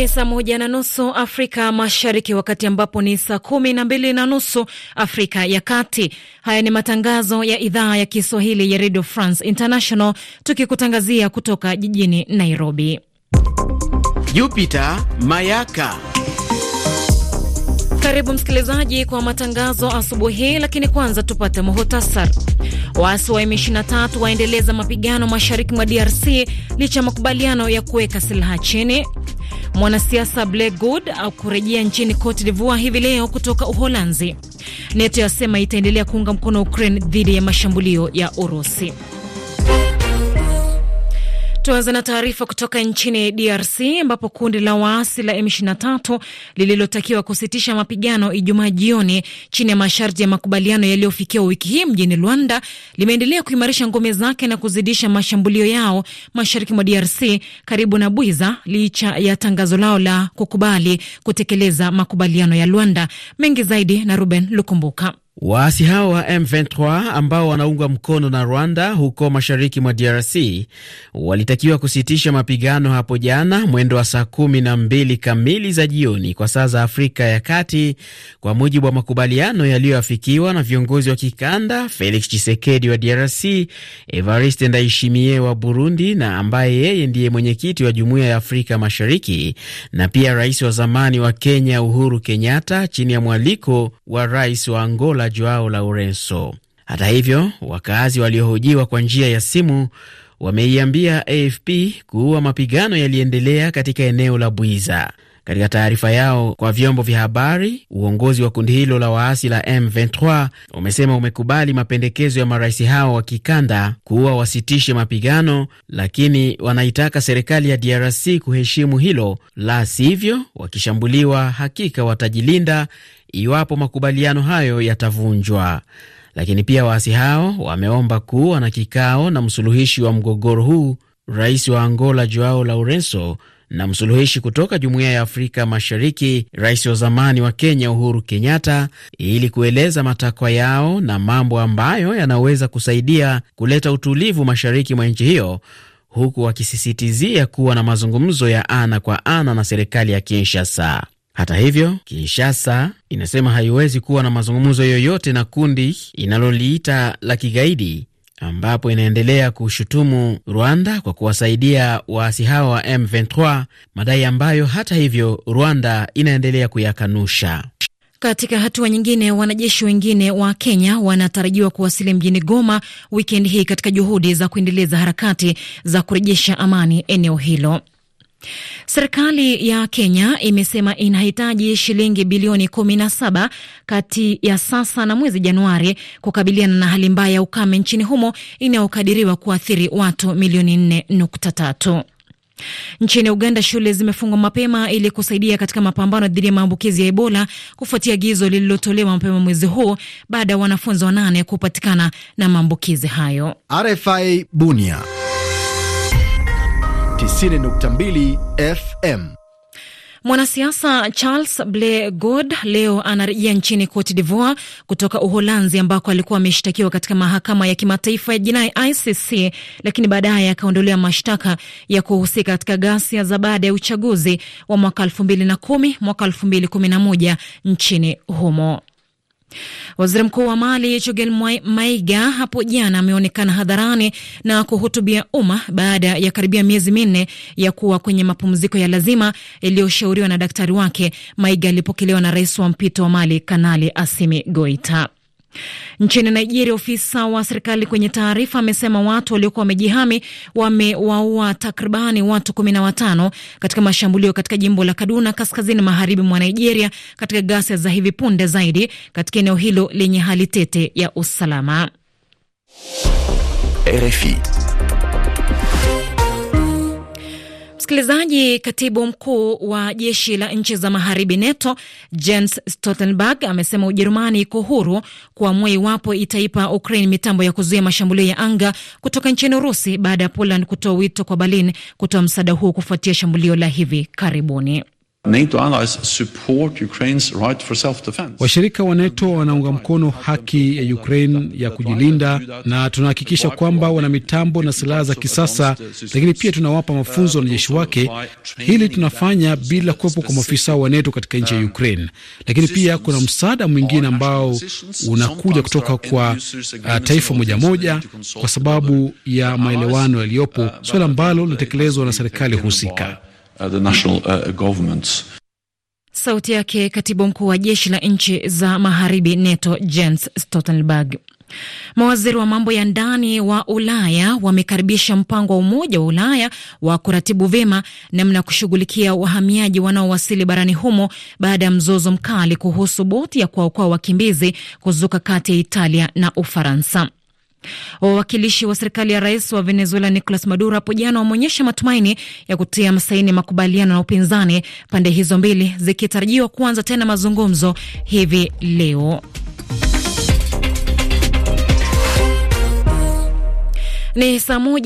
Ni saa moja na nusu Afrika Mashariki, wakati ambapo ni saa kumi na mbili na nusu Afrika ya Kati. Haya ni matangazo ya idhaa ya Kiswahili ya Radio France International, tukikutangazia kutoka jijini Nairobi. Jupiter Mayaka. Karibu msikilizaji kwa matangazo asubuhi hii, lakini kwanza tupate muhtasar. Waasi wa M23 waendeleza mapigano mashariki mwa DRC licha ya makubaliano ya kuweka silaha chini. Mwanasiasa Black Good au kurejea nchini Cote d'Ivoire hivi leo kutoka Uholanzi. NATO yasema itaendelea kuunga mkono Ukraine dhidi ya mashambulio ya Urusi. Tuanze na taarifa kutoka nchini DRC ambapo kundi la waasi la M23 lililotakiwa kusitisha mapigano Ijumaa jioni chini ya masharti ya makubaliano yaliyofikiwa wiki hii mjini Luanda limeendelea kuimarisha ngome zake na kuzidisha mashambulio yao mashariki mwa DRC karibu na Bwiza licha ya tangazo lao la kukubali kutekeleza makubaliano ya Luanda. Mengi zaidi na Ruben Lukumbuka. Waasi hao wa M23 ambao wanaungwa mkono na Rwanda huko mashariki mwa DRC walitakiwa kusitisha mapigano hapo jana mwendo wa saa kumi na mbili kamili za jioni kwa saa za Afrika ya Kati, kwa mujibu wa makubaliano yaliyoafikiwa na viongozi wa kikanda Felix Tshisekedi wa DRC, Evariste Ndayishimiye wa Burundi, na ambaye yeye ndiye mwenyekiti wa Jumuiya ya Afrika Mashariki, na pia rais wa zamani wa Kenya Uhuru Kenyatta, chini ya mwaliko wa rais wa Angola wao Joao Lourenco. Hata hivyo, wakazi waliohojiwa kwa njia ya simu wameiambia AFP kuwa mapigano yaliendelea katika eneo la Bwiza. Katika taarifa yao kwa vyombo vya habari, uongozi wa kundi hilo la waasi la M23 umesema umekubali mapendekezo ya marais hao wa kikanda kuwa wasitishe mapigano, lakini wanaitaka serikali ya DRC kuheshimu hilo, la sivyo wakishambuliwa hakika watajilinda, iwapo makubaliano hayo yatavunjwa. Lakini pia waasi hao wameomba kuwa na kikao na msuluhishi wa mgogoro huu, rais wa Angola Joao Lourenco na msuluhishi kutoka Jumuiya ya Afrika Mashariki, rais wa zamani wa Kenya Uhuru Kenyatta, ili kueleza matakwa yao na mambo ambayo yanaweza kusaidia kuleta utulivu mashariki mwa nchi hiyo, huku wakisisitizia kuwa na mazungumzo ya ana kwa ana na serikali ya Kinshasa. Hata hivyo, Kinshasa inasema haiwezi kuwa na mazungumzo yoyote na kundi inaloliita la kigaidi ambapo inaendelea kushutumu Rwanda kwa kuwasaidia waasi hawa wa M23, madai ambayo hata hivyo Rwanda inaendelea kuyakanusha. Katika hatua nyingine, wanajeshi wengine wa Kenya wanatarajiwa kuwasili mjini Goma wikendi hii katika juhudi za kuendeleza harakati za kurejesha amani eneo hilo. Serikali ya Kenya imesema inahitaji shilingi bilioni kumi na saba kati ya sasa na mwezi Januari kukabiliana na hali mbaya ya ukame nchini humo inayokadiriwa kuathiri watu milioni 4.3. Nchini Uganda, shule zimefungwa mapema ili kusaidia katika mapambano dhidi ya maambukizi ya Ebola kufuatia agizo lililotolewa mapema mwezi huu baada ya wanafunzi wanane kupatikana na maambukizi hayo. RFI Bunia 90.2 FM. Mwanasiasa Charles Ble God leo anarejea nchini Cote Divoir kutoka Uholanzi, ambako alikuwa ameshtakiwa katika mahakama ya kimataifa ya jinai ICC, lakini baadaye akaondolewa mashtaka ya kuhusika katika ghasia za baada ya uchaguzi wa mwaka 2010 mwaka 2011 nchini humo. Waziri Mkuu wa Mali chogel Maiga hapo jana ameonekana hadharani na kuhutubia umma baada ya karibia miezi minne ya kuwa kwenye mapumziko ya lazima yaliyoshauriwa na daktari wake. Maiga alipokelewa na rais wa mpito wa Mali Kanali Asimi Goita. Nchini Nigeria, ofisa wa serikali kwenye taarifa amesema watu waliokuwa wamejihami wamewaua takribani watu kumi na watano katika mashambulio katika jimbo la Kaduna, kaskazini magharibi mwa Nigeria, katika ghasia za hivi punde zaidi katika eneo hilo lenye hali tete ya usalama. RFI. Msikilizaji, katibu mkuu wa jeshi la nchi za magharibi NATO Jens Stoltenberg amesema Ujerumani iko huru kuamua iwapo itaipa Ukraine mitambo ya kuzuia mashambulio ya anga kutoka nchini Urusi baada ya Poland kutoa wito kwa Berlin kutoa msaada huo kufuatia shambulio la hivi karibuni. NATO allies support Ukraine's right for self-defense. Washirika wa NATO wanaunga mkono haki ya Ukraine ya kujilinda na tunahakikisha kwamba wana mitambo na silaha za kisasa, lakini pia tunawapa mafunzo wanajeshi wake. Hili tunafanya bila kuwepo kwa maafisa wa NATO katika nchi ya Ukraine, lakini pia kuna msaada mwingine ambao unakuja kutoka kwa uh, taifa moja moja kwa sababu ya maelewano yaliyopo, suala ambalo linatekelezwa na serikali husika. Uh, the national uh, governments. Sauti yake katibu mkuu wa jeshi la nchi za magharibi NATO Jens Stoltenberg. Mawaziri wa mambo ya ndani wa Ulaya wamekaribisha mpango wa Umoja wa Ulaya wa kuratibu vyema namna ya kushughulikia wahamiaji wanaowasili barani humo baada ya mzozo mkali kuhusu boti ya kuwaokoa wakimbizi kuzuka kati ya Italia na Ufaransa. Wawakilishi wa serikali ya rais wa Venezuela Nicolas Maduro hapo jana wameonyesha matumaini ya kutia masaini makubaliano na upinzani, pande hizo mbili zikitarajiwa kuanza tena mazungumzo hivi leo. Ni saa moja